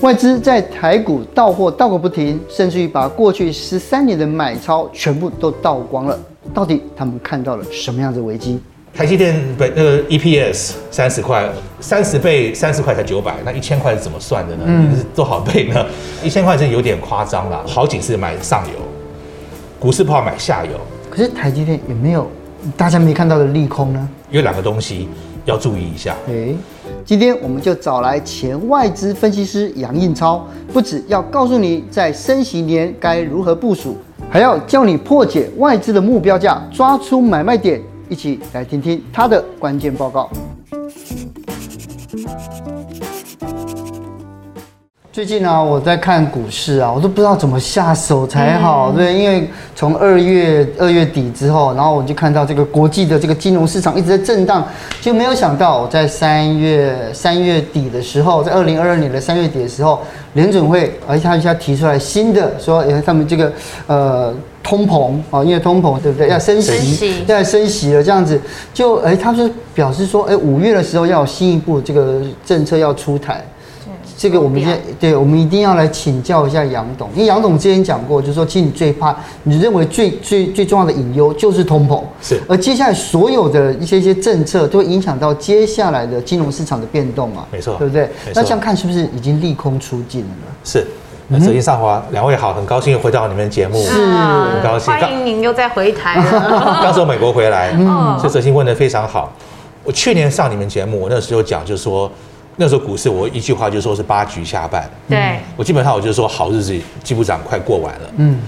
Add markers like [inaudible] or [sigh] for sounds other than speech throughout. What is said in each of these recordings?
外資在台股倒貨倒個不停，甚至於把過去十三年的買超全部都倒光了。到底他們看到了什麼樣的危機？台積電本那個 EPS 三十塊，三十倍，三十塊才九百，那一千塊是怎麼算的呢？嗯，是多少倍呢？一千塊真有點誇張了。好幾次買上游，股市不好買下游。可是台積電有沒有大家沒看到的利空呢？有兩個東西要注意一下。欸今天我們就找來前外資分析師楊應超，不只要告訴你在升息年該如何部署，還要教你破解外資的目標價，抓出買賣點。一起來聽聽他的關鍵報告。最近呢、啊，我在看股市啊，我都不知道怎麼下手才好，嗯、對，因為從二月二月底之後，然後我就看到這個國際的這個金融市場一直在震盪，就沒有想到我在三月三月底的時候，在二零二二年的三月底的時候，聯準會而且、啊、他一下提出來新的說，誒、哎，他們這個呃通膨啊，因為通膨對不對？要升息，升息，要升息了，這樣子就誒、哎，他就表示說，誒、哎，五月的時候要有新一步這個政策要出台。這個我們現對，我們一定要來請教一下楊董，因為楊董之前講過，就是說其實你最怕，你認為最最最重要的隱憂就是通膨，是。而接下來所有的一些一些政策，都會影響到接下來的金融市場的變動嘛、啊？沒錯，對不對？沒錯。那這樣看是不是已經利空出盡了？是。那哲欣、上華兩位好，很高興又回到你們節目，是，很高興。啊、歡迎您又再回台，剛 [laughs] 從美國回來。嗯。所以哲欣問的非常好，我去年上你們節目，我那時候講就是說。那時候股市，我一句話就說是八局下半。對、嗯，我基本上我就說好日子基本上快過完了。嗯，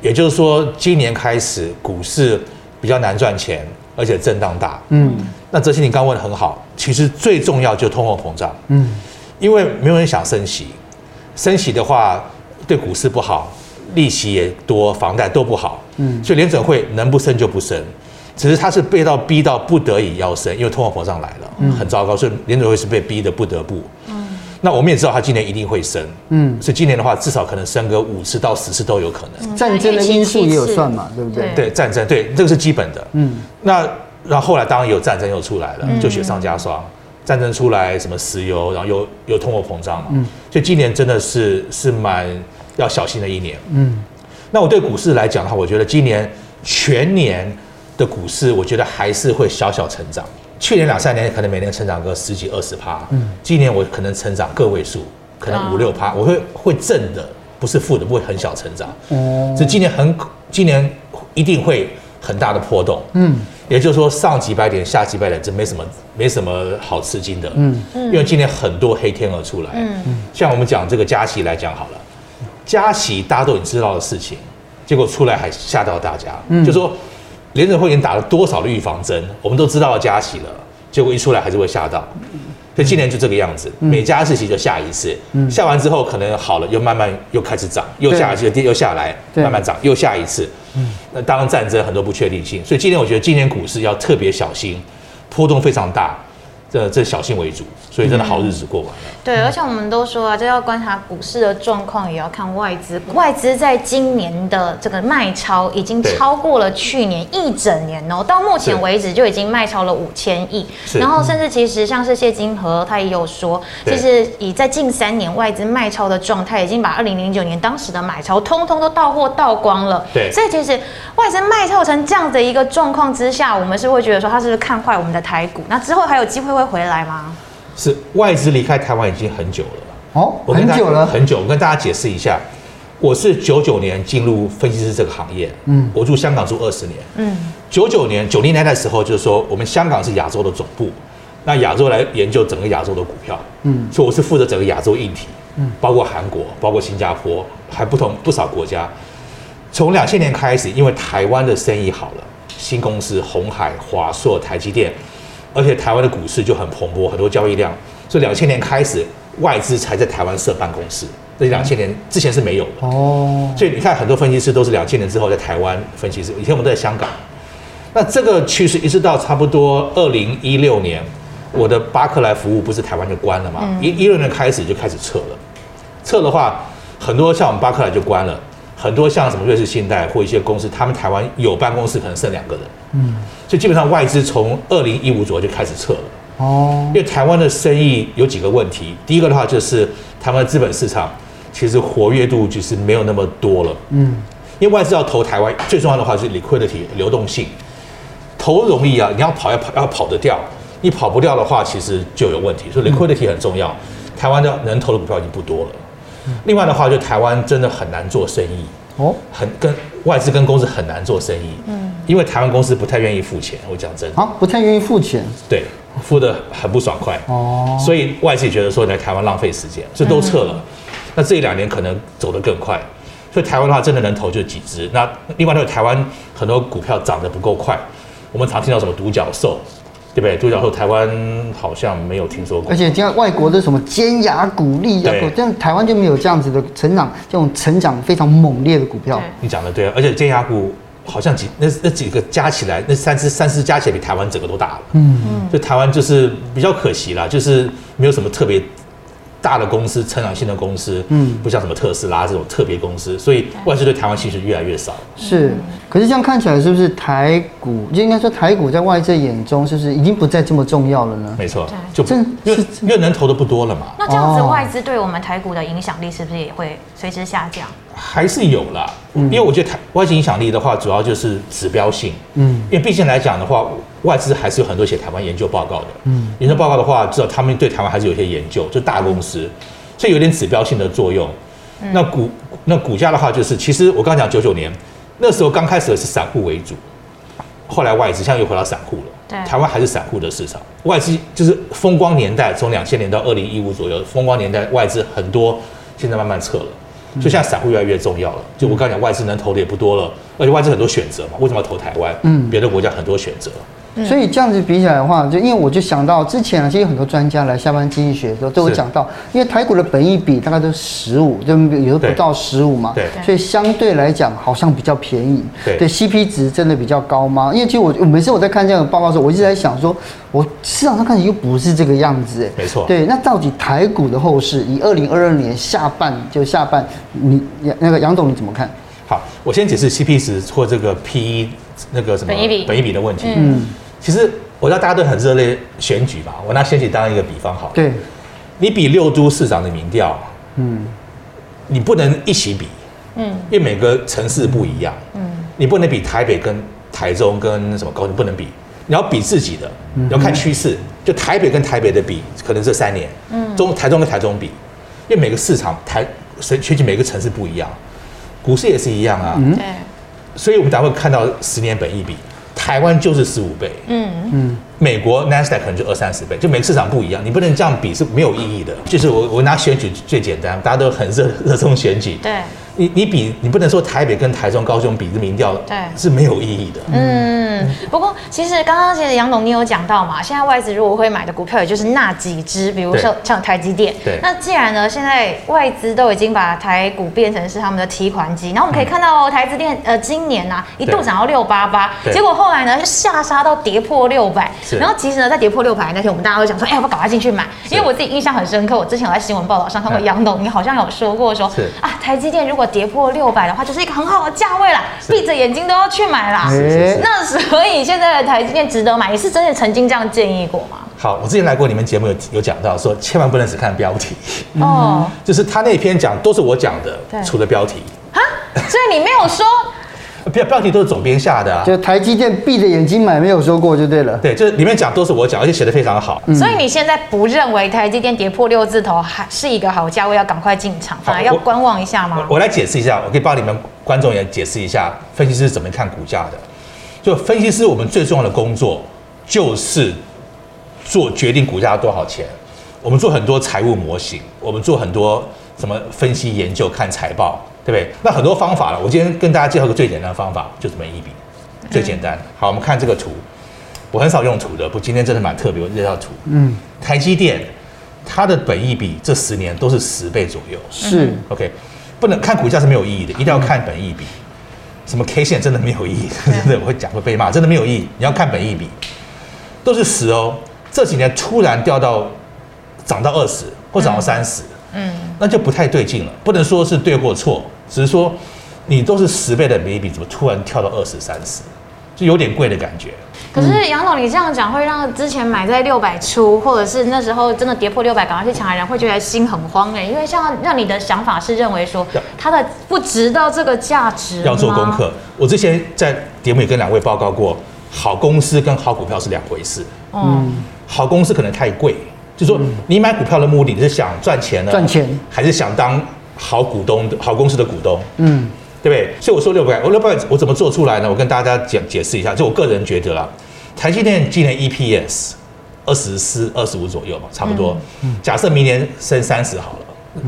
也就是說今年開始股市比較難賺錢，而且震盪大。嗯，那澤熙，你剛問得很好，其實最重要就是通貨膨脹。嗯，因為沒有人想升息，升息的話對股市不好，利息也多，房貸都不好。嗯，所以聯準會能不升就不升。只是他是被到逼到不得已要升，因為通貨膨脹來了、嗯，很糟糕，所以聯準會是被逼得不得不。嗯，那我們也知道他今年一定會升，嗯，所以今年的話至少可能升個五次到十次都有可能、嗯。戰爭的因素也有算嘛，嗯、對不對？對，戰爭，對這個是基本的。嗯，那那後，後來當然有戰爭又出來了，就雪上加霜。嗯、戰爭出來，什麼石油，然後又又通貨膨脹嘛。嗯，所以今年真的是是蠻要小心的一年。嗯，那我對股市來講的話，我覺得今年全年。的股市，我覺得還是會小小成長。去年兩三年可能每年成長個十幾二十趴，嗯，今年我可能成長個位數，可能五六趴，我會會正的，不是負的，不會很小成長。哦、嗯，所以今年很，今年一定會很大的波動，嗯，也就是說上幾百點下幾百點，這沒什麼沒什麼好吃驚的，嗯嗯，因為今年很多黑天鵝出來，嗯嗯，像我們講這個加息來講好了，加息大家都已經知道的事情，結果出來還嚇到大家，嗯，就是、說。聯準會已經打了多少的預防針，我們都知道要加息了，結果一出來還是會嚇到，所以今年就這個樣子，每加息一次就下一次，嗯，下完之後可能好了，又慢慢又開始漲，又下一次又跌又下來，慢慢漲又下一次。那，嗯，當然戰爭很多不確定性，所以今年我覺得今年股市要特別小心，波動非常大。這這小心為主，所以真的好日子過完了、嗯。對，而且我們都說啊，這要觀察股市的狀況，也要看外資。外資在今年的這個賣超已經超過了去年一整年哦，到目前為止就已經賣超了五千億。然後甚至其實像是謝金河他也有說，其實、就是、以在近三年外資賣超的狀態，已經把二零零九年當時的買超通通都倒貨倒光了。對，所以其實外資賣超成這樣的一個狀況之下，我們是，是會覺得說他是不是看壞我們的台股？那之後還有機會，會？會回來嗎？是外資離開台灣已經很久了哦，很久了，我跟大家，很久。我跟大家解釋一下，我是九九年進入分析師這個行業，嗯，我住香港住二十年，嗯，九九年、九零年代的時候，就是說我們香港是亞洲的總部，那亞洲來研究整個亞洲的股票，嗯，所以我是負責整個亞洲硬體，嗯，包括韓國、包括新加坡，還不同不少國家。從兩千年開始，因為台灣的生意好了，新公司、鴻海、華碩、台積電。而且台灣的股市就很蓬勃，很多交易量。所以兩千年開始，外資才在台灣設辦公室。這兩千年之前是沒有的哦、嗯。所以你看，很多分析師都是兩千年之後在台灣分析師，以前我們都在香港。那這個趨勢一直到差不多二零一六年，我的巴克萊服務不是台灣就關了嗎？一六年開始就開始撤了，撤的話，很多像我們巴克萊就關了。很多像什麼瑞士信貸或一些公司，他們台灣有辦公室，可能剩兩個人。嗯，所以基本上外資從二零一五左右就開始撤了。哦，因為台灣的生意有幾個問題，第一個的話就是他們的資本市場其實活躍度就是沒有那麼多了。嗯，因為外資要投台灣，最重要的話就是 liquidity 流動性，投容易啊，你要跑要跑要跑得掉，你跑不掉的話其實就有問題，所以 liquidity、嗯、很重要。台灣的能投的股票已經不多了。另外的話，就台灣真的很難做生意哦，很跟外資跟公司很難做生意，嗯，因為台灣公司不太願意付錢，我講真，啊，不太願意付錢，對，付得很不爽快哦，所以外資覺得說來台灣浪費時間，就都撤了，那這一兩年可能走得更快，所以台灣的話真的能投就幾支，那另外，台灣很多股票漲得不夠快，我們常聽到什麼獨角獸。對不對？獨角獸台灣好像沒有聽說過，而且像外國的什麼尖牙股、力股這樣，台灣就沒有這樣子的成長，這種成長非常猛烈的股票。你講的對啊，而且尖牙股好像幾那那幾個加起來，那三四三四加起來比台灣整個都大了。嗯嗯，就台灣就是比較可惜啦，就是沒有什麼特別大的公司、成長性的公司，嗯，不像什麼特斯拉這種特別公司，所以外資對台灣其實越來越少。是，可是這樣看起來，是不是台股就應該說台股在外資眼中，是不是已經不再這麼重要了呢？沒錯，就越越能投的不多了嘛。那這樣子，外資對我們台股的影響力是不是也會隨之下降？還是有啦，因為我覺得台外資影響力的話，主要就是指標性，嗯，因為畢竟來講的話。外資還是有很多寫台灣研究報告的，嗯，研究報告的話，至少他們對台灣還是有一些研究，就大公司，嗯，所以有點指標性的作用。嗯，那股那股價的話，就是其實我剛講九九年那時候剛開始的是散戶為主，後來外資現在又回到散戶了，對，台灣還是散戶的市場。外資就是風光年代，從兩千年到二零一五左右風光年代，外資很多，現在慢慢撤了，嗯，所以現在散戶越來越重要了。就我剛講，外資能投的也不多了，而且外資很多選擇嘛，為什麼要投台灣？嗯，別的國家很多選擇。所以這樣子比起來的話，就因為我就想到之前其實有很多專家來下班經濟學的時候都有講到，因為台股的本益比大概都十五，就有不到十五嘛，對，所以相對來講好像比較便宜。對，對，對，CP 值真的比較高嗎？因為其實我，我每次我在看這樣的報告的時候，我一直在想說，我市場上看起來又不是這個樣子耶。沒錯。對，那到底台股的後市以二零二二年下半就下半，你那個楊董你怎麼看好？我先解釋 CP 值或這個 PE。那個什麼，本益比的問題，嗯，其實我知道大家都很熱烈選舉吧，我拿選舉當一個比方好，對，你比六都市長的民調，嗯，你不能一起比，因為每個城市不一樣，你不能比台北跟台中跟什麼高雄不能比，你要比自己的，你要看趨勢，就台北跟台北的比，可能這三年，嗯，中台中跟台中比，因為每個市場台選舉每個城市不一樣，股市也是一樣啊、嗯，對。所以我們才會看到十年本益比，台灣就是十五倍，嗯嗯，美國 Nasdaq 可能就二三十倍，就每個市場不一樣，你不能這樣比是沒有意義的。就是我我拿選舉最簡單，大家都很熱熱衷選舉，對。你你比你不能說台北跟台中、高雄比這民調，對，是沒有意義的。嗯、嗯，不過其實剛剛其實楊總你有講到嘛，現在外資如果會買的股票也就是那幾隻，比如說像台積電。對。那既然呢，現在外資都已經把台股變成是他們的提款機，然後我們可以看到台積電、嗯、呃，今年啊一度漲到六八八，結果後來呢下殺到跌破六百。然後其實呢，在跌破六百那天，我們大家都想說，哎、欸，要不要趕快進去買？因為我自己印象很深刻，我之前有在新聞報道上看過楊總，你好像有說過說，是啊，台積電如果如果跌破六百的話，就是一個很好的價位了，閉着眼睛都要去買啦。那所以現在的台積電值得買，你是真的曾經這樣建議過嗎？好，我之前來過你們節目有，有有講到說，千萬不能只看標題哦、嗯，就是他那篇講都是我講的，除了標題啊，所以你沒有說。 [laughs] 標標題都是總編下的。啊，就台積電閉着眼睛買沒有說過就對了。對，就是裡面講都是我講，而且寫得非常好。嗯，所以你現在不認為台積電跌破六字頭還是一個好價位，要趕快進場反而要觀望一下嗎？我，我來解釋一下，我可以幫你們觀眾也解釋一下，分析師是怎麼看股價的。就分析師，我們最重要的工作就是做決定股價要多少錢。我們做很多財務模型，我們做很多什麼分析研究，看財報。對不對？那很多方法了。我今天跟大家介紹個最簡單的方法，就是本益比，最簡單。Okay. 好，我們看這個圖。我很少用圖的，不，今天真的蠻特別，我這條圖。嗯，台積電它的本益比這十年都是十倍左右，是 OK。不能看股價是沒有意義的，一定要看本益比、嗯。什麼 K 線真的沒有意義，真、okay. 的 [laughs] 我會講會被罵，真的沒有意義。你要看本益比，都是十哦。這幾年突然掉到漲到二十或漲到三十，嗯，那就不太對勁了。不能說是對或錯。只是說，你都是十倍的本益比怎麼突然跳到二十三十，就有點貴的感覺。嗯、可是楊總，你這樣講會讓之前買在六百出，或者是那時候真的跌破六百，趕快去搶的人會覺得心很慌哎、欸，因為像讓你的想法是認為說它的不值到這個價值。要做功課，我之前在節目裡跟兩位報告過，好公司跟好股票是兩回事。嗯，好公司可能太貴，就是、說你買股票的目的你是想賺錢呢？賺錢還是想當？好股東的，好公司的股東，嗯，對不對？所以我說六百，我六百，我怎麼做出來呢？我跟大家解解釋一下。就我個人覺得啦，台積電今年 EPS 二十四、二十五左右嘛，差不多。嗯嗯、假設明年升三十好了，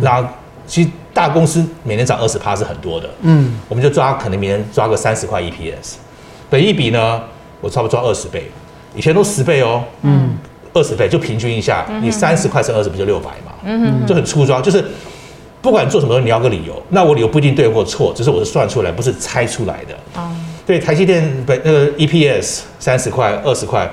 那、嗯、其實大公司每年漲二十趴是很多的，嗯，我們就抓，可能明年抓個三十塊 EPS，本益比呢，我差不多抓二十倍，以前都十倍哦，嗯，二十倍就平均一下，你三十塊升二十，不就六百嘛？嗯，就很粗糙，就是。不管做什麼，你要個理由。那我理由不一定對或錯，只是我是算出來，不是猜出來的。哦，對，台積電不呃 EPS 三十塊二十塊，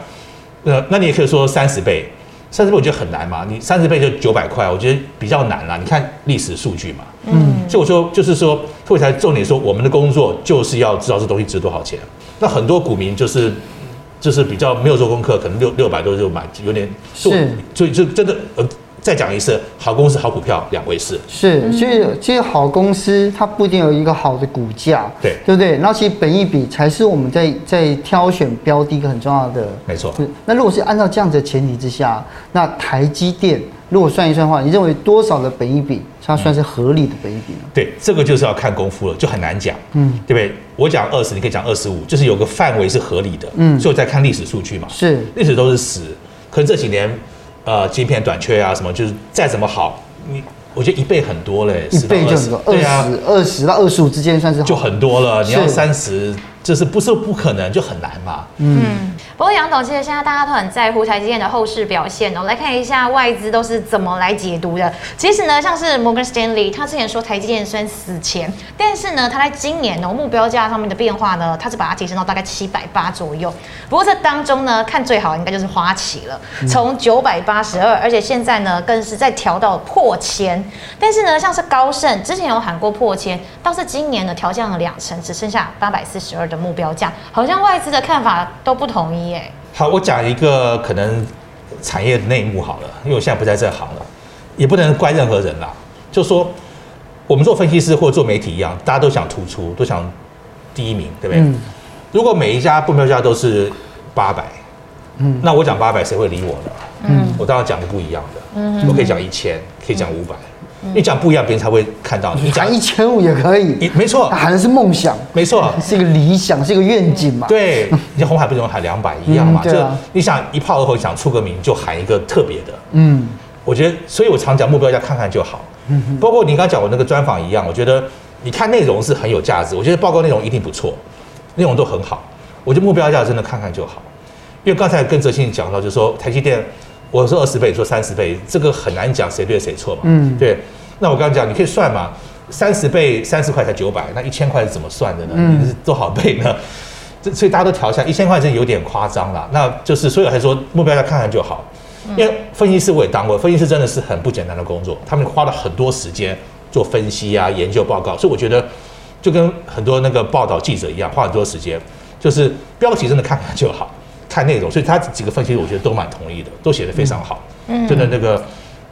那個、EPS, 塊塊那那你也可以說三十倍，三十倍我覺得很難嘛。你三十倍就九百塊，我覺得比較難啦。你看歷史數據嘛，嗯，所以我說就是說，富台重點說，我們的工作就是要知道這東西值多少錢。那很多股民就是就是比較沒有做功課，可能六六百多就買，就有點是，所以就真的呃。再講一次，好公司好股票兩回事。是，所以其實好公司它不一定有一個好的股價，對對不對？然後其實本益比才是我們在在挑選標的一個很重要的。嗯、沒錯。那如果是按照這樣子的前提之下，那台積電如果算一算的話，你認為多少的本益比它算是合理的本益比呢？嗯，對，這個就是要看功夫了，就很難講，嗯，對不對？我講二十，你可以講二十五，就是有個範圍是合理的，嗯，所以我在看歷史數據嘛。是，歷史都是死，可是這幾年。呃，晶片短缺啊，什麼就是再怎麼好，你我覺得一倍很多嘞，一倍就很多，二十、對啊、二十到二十五之間算是好就很多了，你要三十。就是不是不可能，就很難嘛、嗯。嗯，不過楊董，其實現在大家都很在乎台積電的後市表現哦。來看一下外資都是怎麼來解讀的。其實呢，像是摩根士丹利，他之前說台積電雖然死前，但是呢，他在今年呢目標價上面的變化呢，他是把它提升到大概七百八左右。不過這當中呢，看最好應該就是花旗了，從九百八十二，而且現在呢，更是在調到破千。但是呢，像是高盛之前有喊過破千，倒是今年呢，調降了兩成，只剩下八百四十二的。目標價好像外資的看法都不統一，哎、欸。好，我講一個可能產業內幕好了，因為我現在不在這行了，也不能怪任何人啦。就說我們做分析師或者做媒體一樣，大家都想突出，都想第一名，對不對？嗯、如果每一家目標價都是八百，嗯，那我講八百誰會理我呢？嗯，我當然講的不一樣的，我、嗯、可以講一千，可以講五百。嗯你講不一樣，別人才會看到你講、嗯、一千五也可以，沒錯，喊的是夢想，沒錯、嗯，是一個理想，是一個願景嘛。對、嗯，你像鴻海不能喊兩百一樣嘛、嗯？對，你想一炮而紅，想出個名，就喊一個特別的。嗯，我覺得，所以我常講目標價看看就好。嗯，包括你剛講我那個專訪一樣，我覺得你看內容是很有價值。我覺得報告內容一定不錯，內容都很好。我覺得目標價真的看看就好，因為剛才跟哲信講到，就是說台積電。我說二十倍，你說三十倍，這個很難講誰對誰錯嘛。嗯，對。那我剛剛講，你可以算嘛？三十倍三十塊才九百，那一千塊是怎麼算的呢、嗯？你是多少倍呢？這所以大家都調一下，一千塊是有點誇張了。那就是所以我才說目標要看看就好，因為分析師我也當過，分析師真的是很不簡單的工作，他們花了很多時間做分析啊、研究報告，所以我覺得就跟很多那個報道記者一樣，花很多時間，就是標題真的看看就好。看內容，所以他幾個分析，我覺得都蠻同意的，都寫的非常好。嗯，真的那個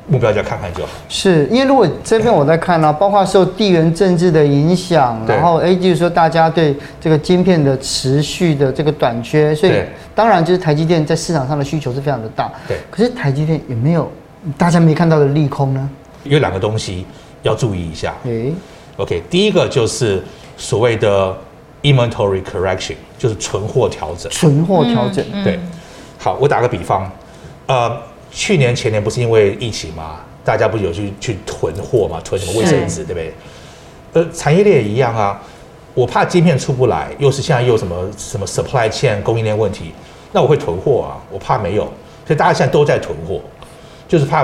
目標就要看看就好。是因為如果這邊我在看呢、啊， [coughs] 包括受地緣政治的影響，然後誒，就、欸、是說大家對這個晶片的持續的這個短缺，所以當然就是台積電在市場上的需求是非常的大。對，可是台積電有沒有大家沒看到的利空呢？有兩個東西要注意一下。誒 OK 第一個就是所謂的。Inventory correction 就是存貨調整，存貨調整、嗯嗯、對。好，我打個比方，呃，去年前年不是因為疫情嘛，大家不是有去去囤貨嘛，囤什麼衛生紙，對不對？呃，產業鏈也一樣啊。我怕晶片出不來，又是現在又有什麼什麼 supply chain 供應鏈問題，那我會囤貨啊。我怕沒有，所以大家現在都在囤貨，就是怕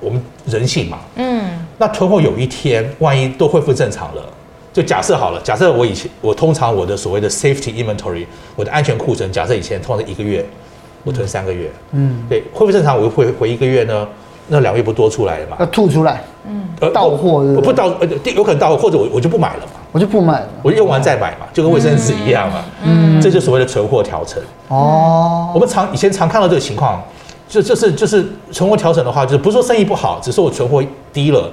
我們人性嘛。嗯。那囤貨有一天，萬一都恢復正常了？就假設好了，假設我以前我通常我的所謂的 safety inventory，我的安全庫存，假設以前通常是一個月，我囤三個月，嗯，對，恢復正常我會回，回一個月呢，那兩個月不多出來了嘛？要吐出來，嗯，而到貨、哦、我不到，呃，有可能到貨，或者我我就不買了嘛，我就不買了，我用完再買嘛，就跟衛生紙一樣嘛，嗯，嗯，這就所謂的存貨調整、嗯。哦，我們常以前常看到這個情況，就就是就是存貨調整的話，就是不是說生意不好，只是我存貨低了。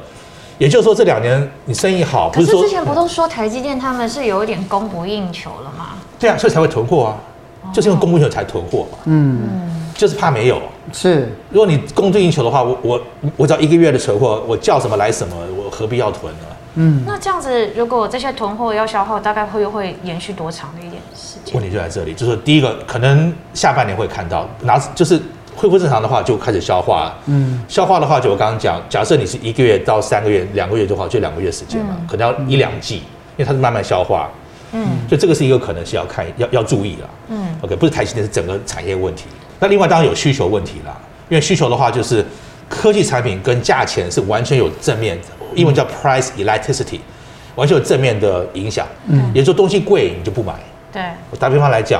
也就是說，這兩年你生意好不是說，可是之前不都說台積電他們是有一點供不應求了嗎？嗯、對啊，所以才會囤貨啊、哦，就是因為供不應求才囤貨嘛。嗯，就是怕沒有。是、嗯，如果你供不應求的話，我我我只要一個月的存貨，我叫什麼來什麼，我何必要囤呢？嗯，那這樣子，如果這些囤貨要消耗，大概會不會延續多長的一點時間？問題就在這裡，就是第一個，可能下半年會看到拿，就是。恢復正常的話，就開始消化。嗯，消化的話，就我剛剛講，假設你是一個月到三個月、兩個月的話，就兩個月時間嘛，嗯，可能要一兩季，嗯，因為它是慢慢消化。嗯，所以這個是一個可能性要，要看要要注意了，嗯，OK，不是台積電，嗯，是整個產業問題。那另外當然有需求問題啦，因為需求的話就是科技產品跟價錢是完全有正面的，英文叫 price elasticity，完全有正面的影響。嗯，嗯也就是東西貴你就不買。對。我打比方來講，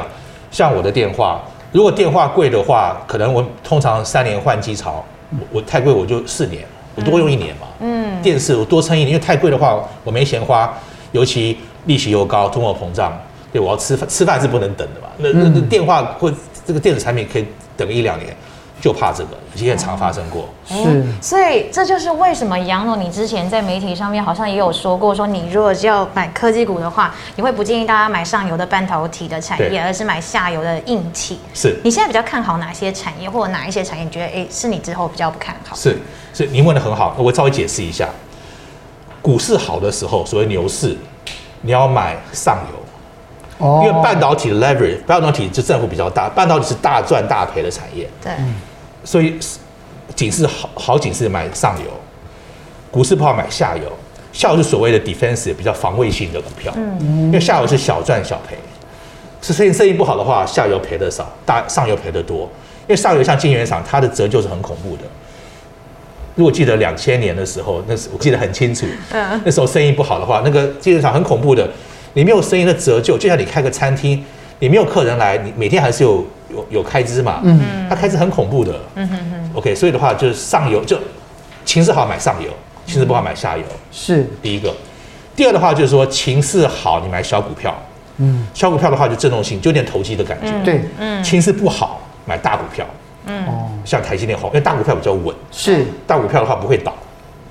像我的電話。如果電話貴的話，可能我通常三年換機槽，我，我太貴我就四年，我多用一年嘛。嗯，電視我多撐一年，因為太貴的話我沒錢花，尤其利息又高，通貨膨脹，對，我要吃飯，吃飯是不能等的嘛。那那，那電話或這個電子產品可以等一兩年。就怕這個，今天常發生過。是。哦，所以這就是為什麼楊總，你之前在媒體上面好像也有說過，說你如果要買科技股的話，你會不建議大家買上游的半導體的產業，而是買下游的硬體。是，你現在比較看好哪些產業，或者哪一些產業？覺得哎、欸，是你之後比較不看好？是，所以您問得很好，我稍微解釋一下。股市好的時候，所謂牛市，你要買上游。哦，因為半導體的 leverage，半導體就政府比較大，半導體是大賺大賠的產業。對。嗯所以，景氣好好景氣，買上游，股市不好買下游。下游是所謂的 defense 比較防衛性的股票，嗯，因為下游是小賺小賠。是生意，生意不好的話，下游賠的少，大上游賠的多。因為上游像晶圓廠，它的折舊是很恐怖的。如果記得兩千年的時候，那時我記得很清楚，嗯，那時候生意不好的話，那個晶圓廠很恐怖的，你沒有生意的折舊，就像你開個餐廳，你沒有客人來，你每天還是有。有有開支嘛？嗯，它開支很恐怖的。嗯哼哼。OK，所以的話就是上游就，情勢好買上游，嗯、情勢不好買下游。是、嗯，第一個。第二的話就是說情勢好你買小股票。嗯。小股票的話就震動性，就有點投機的感覺。對。嗯。情勢不好買大股票。嗯。像台積電話因為大股票比較穩。是、嗯。大股票的話不會倒。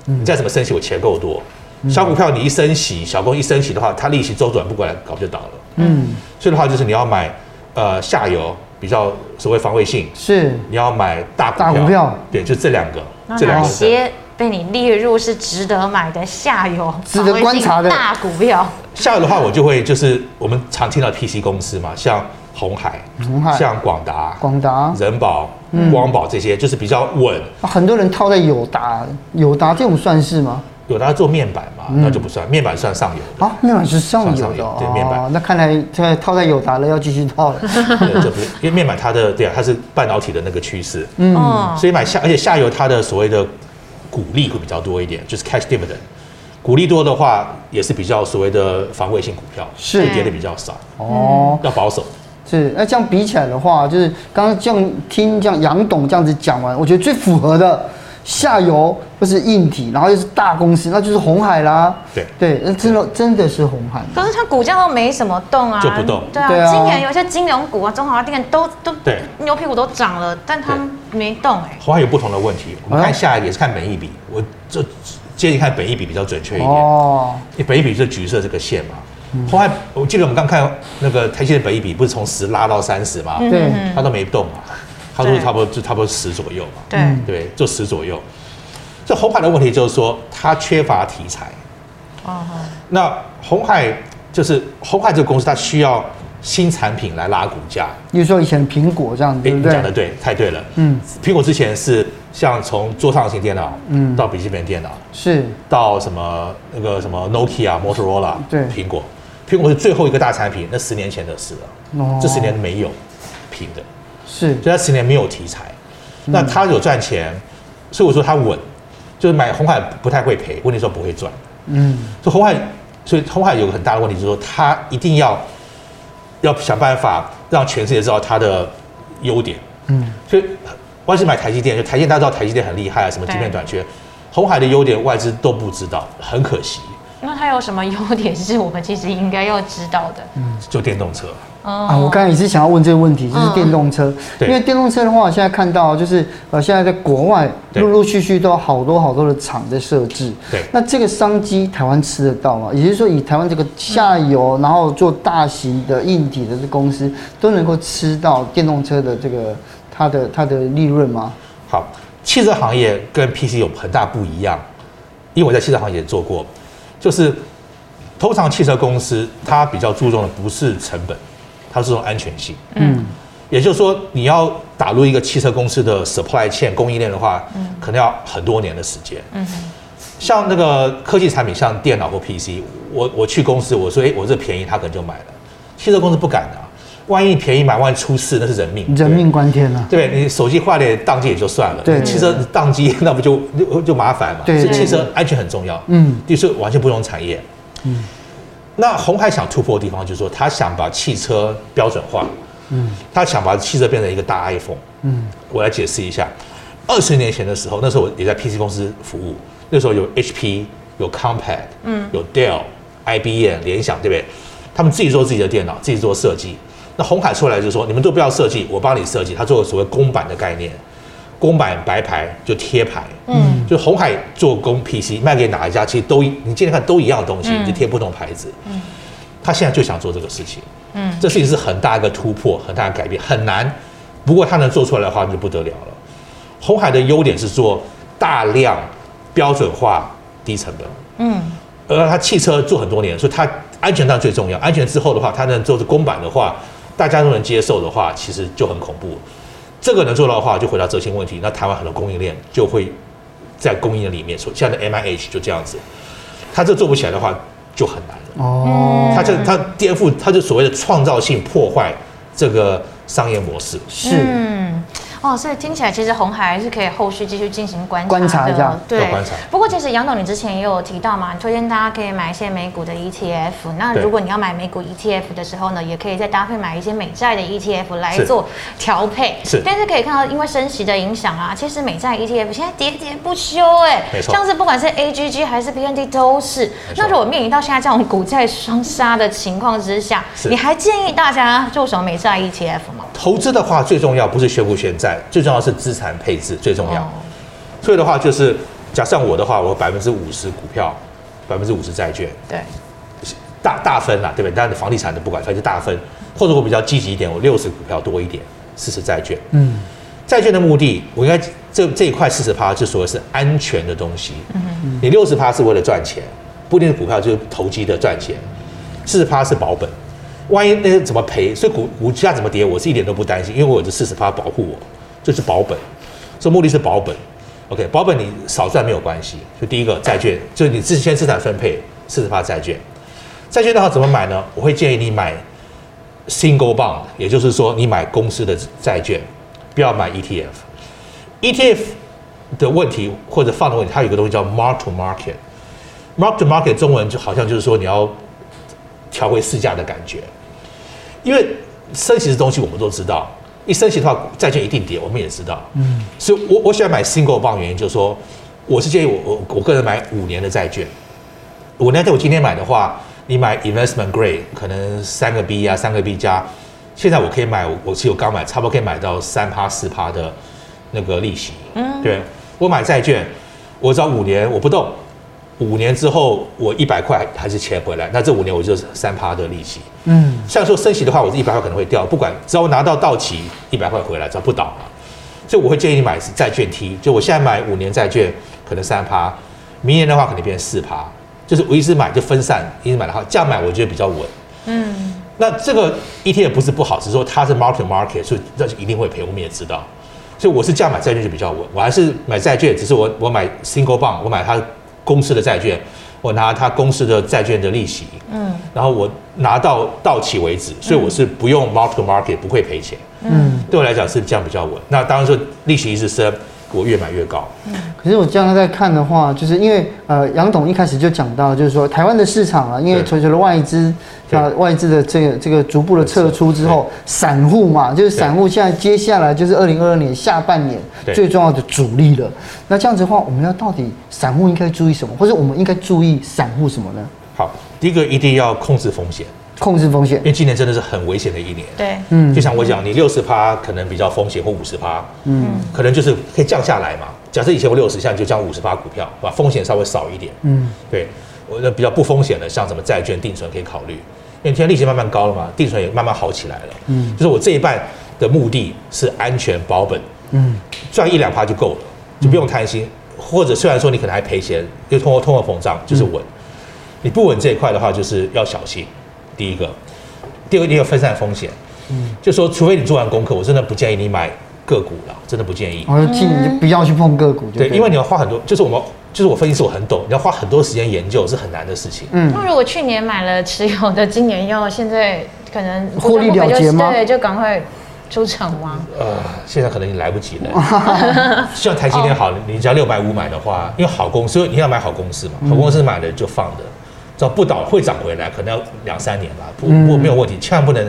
嗯、你再怎麼升息，我錢夠多、嗯。小股票你一升息，小工一升息的話，它利息周轉不過來，搞不就倒了？嗯。所以的話就是你要買呃下游。比較所謂防衛性是，你要買大股票，大股票，對，就這兩個，這兩個。哪些被你列入是值得買的下游？值得觀察的大股票。下游的話，我就會就是我們常聽到 PC 公司嘛，像鴻海、鴻海、像廣達、廣達、仁寶、嗯、光寶這些，就是比較穩、啊。很多人套在友達，友達這種算是嗎？有達做面板嘛，嗯？那就不算，面板算上游。啊，面板是上游，上游、哦、對，面板。那看來套在友達了，要繼續套了。 [laughs] 對，因為面板它的對啊，它是半導體的那個趨勢。嗯、哦。所以買下，而且下游它的所謂的股利會比較多一點，就是 cash dividend。股利多的話，也是比較所謂的防衛性股票，是跌的比較少。哦、嗯。要保守。是。那這樣比起來的話，就是剛剛這樣聽這樣楊董這樣子講完，我覺得最符合的。下游不是硬體，然後又是大公司，那就是紅海啦。對對，那真的真的是紅海。可是它股價都沒什麼動啊，就不動對、啊。對啊，今年有些金融股啊、中華電都都對牛皮股都漲了，但它沒動哎。鴻海有不同的問題，我們看下一個也是看本益比，我就建議看本益比比,比較準確一點。哦，因為本益比是橘色這個線嘛。鴻海，我記得我們剛看那個台積電本益比不是從十拉到三十嘛？對，它、嗯、都沒動啊。他說：“差不多就差不多十左右嘛，對，對對，就十左右。這鴻海的問題就是說，它缺乏題材。哦，那鴻海就是鴻海這個公司，它需要新產品來拉股價。比如說以前蘋果這樣子，對，對你講的對，太對了。嗯，蘋果之前是像從桌上型電腦，嗯，到筆記本電腦，是到什麼那個什麼 Nokia、Motorola，對，蘋果，蘋果是最後一個大產品，那十年前的事了。哦，這十年沒有平的。”是，所以他十年沒有題材，嗯、那他有賺錢，所以我說他穩，就是買鴻海不太會賠。問題說不會賺，嗯，所以鴻海，所以鴻海有個很大的問題就是說，他一定要要想辦法讓全世界知道他的優點，嗯，所以外資買台積電，就台積電大家知道台積電很厲害啊，什麼芯片短缺，嗯、鴻海的優點外資都不知道，很可惜。那它有什麼優點是我們其實應該要知道的？嗯，做電動車啊，我剛才也是想要問這個問題，就是電動車。對、嗯，因為電動車的話，我現在看到就是呃，現在在國外陸陸續續都有好多好多的廠在設置。對，那這個商機台灣吃得到嗎？也就是說，以台灣這個下游、嗯，然後做大型的硬體的公司，都能夠吃到電動車的這個它的它的利潤嗎？好，汽車行業跟 PC 有很大不一樣，因為我在汽車行業做過。就是，通常汽車公司它比較注重的不是成本，它注重安全性。嗯，也就是說，你要打入一個汽車公司的 supply chain 供應鏈的話，嗯，可能要很多年的時間。嗯，像那個科技產品，像電腦或 PC，我我去公司我說，哎、欸，我這便宜，他可能就買了。汽車公司不敢的。萬一便宜買，萬一出事，那是人命，人命關天啊，對，你手機壞了當機也就算了，對，對，對，對，汽車當機那不就就麻煩嘛？對，對，對，是汽車安全很重要。嗯，第四完全不用產業。嗯，那鴻海想突破的地方就是說，他想把汽車標準化。嗯，他想把汽車變成一個大 iPhone。嗯，我來解釋一下。二十年前的時候，那時候我也在 PC 公司服務，那時候有 HP，有 Compaq，嗯，有 Dell，IBM，聯想，對不對？他們自己做自己的電腦，自己做設計。那鴻海出來就是說，你們都不要設計，我幫你設計。他做了所謂公版的概念，公版白牌就貼牌，嗯，就鴻海做工 PC 賣給哪一家，其實都你今天看都一樣的東西，嗯、你就貼不同牌子，嗯，他現在就想做這個事情，嗯，這事情是很大一個突破，很大的改變，很難，不過他能做出來的話，那就不得了了。鴻海的優點是做大量標準化低成本，嗯，而他汽車做很多年，所以他安全上最重要，安全之後的話，他能做出公版的話，大家都能接受的話，其實就很恐怖。這個能做到的話，就回答這些問題。那台灣很多供應鏈就會在供應鏈裡面，像 MIH 就這樣子。他這做不起來的話，就很難了。哦，他這他顛覆，他就所謂的創造性破壞這個商業模式。是。嗯哦，所以聽起來其實鴻海還是可以後續繼續進行觀察的，觀察對觀察。不過其實楊董，你之前也有提到嘛，推薦大家可以買一些美股的 ETF。那如果你要買美股 ETF 的時候呢，也可以再搭配買一些美債的 ETF 來做調配是。是。但是可以看到，因為升息的影響啊，其實美債 ETF 現在跌跌不休。欸，哎，沒錯。像是不管是 AGG 還是 BND 都是。那如果面臨到現在這種股債雙殺的情況之下，你還建議大家做什麼美債 ETF 嗎？投資的話，最重要不是選股選債。最重要的是資產配置最重要，所以的話就是，假設我的話，我百分之五十股票，百分之五十債券，對，大大分吶，對不對？但是房地產的不管，它就大分。或者我比較積極一點，我六十股票多一點，四十債券。嗯，債券的目的，我應該這這一塊四十趴就所謂是安全的東西。嗯你六十趴是為了賺錢，不一定是股票就是投機的賺錢，四十趴是保本。萬一那是怎麼賠？所以股股價怎麼跌，我是一點都不擔心，因為我有這四十趴保護我。這是保本，所以目的是保本，OK，保本你少賺沒有關係。就第一個債券，就是你自己先資產分配，四十趴債券。債券的話怎麼買呢？我會建議你買 single bond，也就是說你買公司的債券，不要買 ETF。ETF 的問題或者放的問題，它有一個東西叫 mark to market。mark to market 中文就好像就是說你要調回市價的感覺，因為升息的東西我們都知道。一升息的話，債券一定跌，我們也知道。嗯，所以我，我我喜歡買 single bond 原因就是說，我是建議我我我個人買五年的債券。我那天我今天買的話，你買 investment grade 可能三個 B 啊，三個 B 加。現在我可以買，我其實我剛買，差不多可以買到三趴四趴的那個利息。嗯，對，我買債券，我只要五年我不動。五年之後，我一百塊還是錢回來，那這五年我就是三趴的利息。嗯，像說升息的話，我這一百塊可能會掉，不管只要我拿到到期一百塊回來，只要不倒了，所以我會建議你買債券 T。就我現在買五年債券，可能三趴，明年的話可能變成四趴，就是我一直買就分散，一直買的話，這樣買我覺得比較穩。嗯，那這個 ETF 不是不好，只是說它是 market market，所以那就一定會賠，我們也知道。所以我是這樣買債券就比較穩，我還是買債券，只是我我買 single bond，我買它。公司的債券，我拿他公司的債券的利息，嗯，然後我拿到到期為止，所以我是不用 mark to market，不會賠錢，嗯，對我來講是這樣比較穩。那當然說利息一直升。我越買越高、嗯，可是我這樣在看的話，就是因為呃，楊董一開始就講到，就是說台灣的市場啊，因為隨着外資啊，外資的這個這個逐步的撤出之後，散戶嘛，就是散戶現在接下來就是二零二二年下半年最重要的主力了。那這樣子的話，我們要到底散戶應該注意什麼，或者我們應該注意散戶什麼呢？好，第一個一定要控制風險。控制風險，因為今年真的是很危險的一年。對，嗯，就像我講，你六十趴可能比較風險，或五十趴，嗯，可能就是可以降下來嘛。假設以前我六十，下，你就降五十趴股票，把風險稍微少一點。嗯，對，我那比較不風險的，像什麼債券、定存可以考慮，因為現在利息慢慢高了嘛，定存也慢慢好起來了。嗯，就是我這一半的目的是安全保本，嗯，賺一兩趴就夠了，就不用貪心、嗯。或者雖然說你可能還賠錢，就通過通通貨膨脹就是穩、嗯，你不穩這一塊的話，就是要小心。第一個，第二個，你有分散風險。嗯，就說，除非你做完功課，我真的不建議你買個股了，真的不建議。我就建議你不要去碰個股。對，因為你要花很多，就是我們，就是我分析師我很懂，你要花很多時間研究是很難的事情。嗯，那如果去年買了持有的，今年又現在可能獲利、就是、了結嗎？對，就趕快出場嗎？呃，現在可能已經來不及了。希 [laughs] 望台積電好、哦。你只要六百五買的話，因為好公司，你要買好公司嘛。嗯、好公司買了就放的。不倒會漲回來，可能要兩三年吧，不不沒有問題，千萬不能，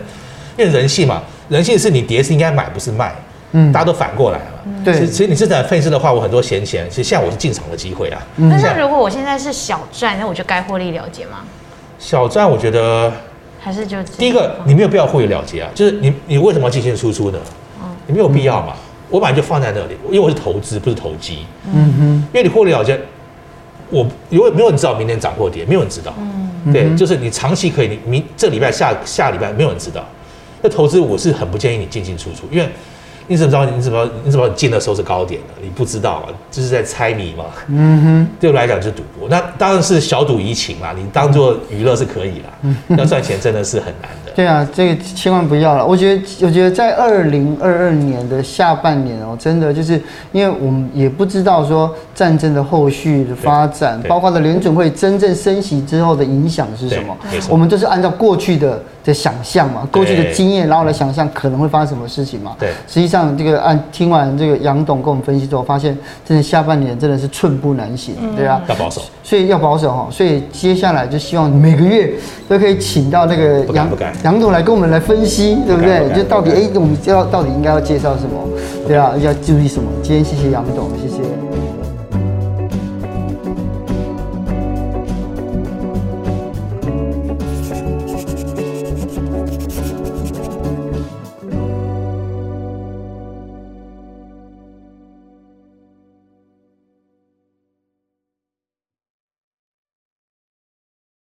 因為人性嘛，人性是你跌是應該買不是賣，嗯，大家都反過來了，對、嗯，其實你正在配置的話，我很多閒錢，其實現在我是進場的機會啊、嗯。但是如果我現在是小賺，那我就該獲利了結嗎？小賺我覺得還是就第一個，你沒有必要獲利了結啊，就是你你為什麼要進行出出呢？嗯，你沒有必要嘛，我把你就放在那裡，因為我是投資不是投機，嗯哼，因為你獲利了結，我因為沒有人知道明天漲或跌，沒有人知道。嗯，對，就是你長期可以，你明這禮拜下下禮拜沒有人知道。那投資我是很不建議你進進出出，因為你怎麼知道？你怎麼你怎麼進的時候是高點的？你不知道啊，這是在猜謎嘛？嗯哼，對我來講就是賭博。那當然是小賭怡情嘛，你當做娛樂是可以了。要賺錢真的是很難的。嗯 [laughs] 對啊，這個千萬不要了。我覺得，我覺得在二零二二年的下半年哦，真的就是因為我們也不知道說戰爭的後續的發展，包括的聯準會真正升息之後的影響是什麼。我們就是按照過去的的想象嘛，過去的經驗，然後來想象可能會發生什麼事情嘛。對，實際上這個按聽完這個楊董跟我們分析之後，發現真的下半年真的是寸步難行。嗯、對啊，要保守，所以要保守哈、哦，所以接下來就希望每個月都可以請到那個楊董。嗯嗯。楊總來跟我們來分析，對不對？Okay, okay, okay, okay. 就到底哎、欸，我們要到底應該要介紹什麼？對啊，okay. 要注意什麼？今天謝謝楊總，謝謝。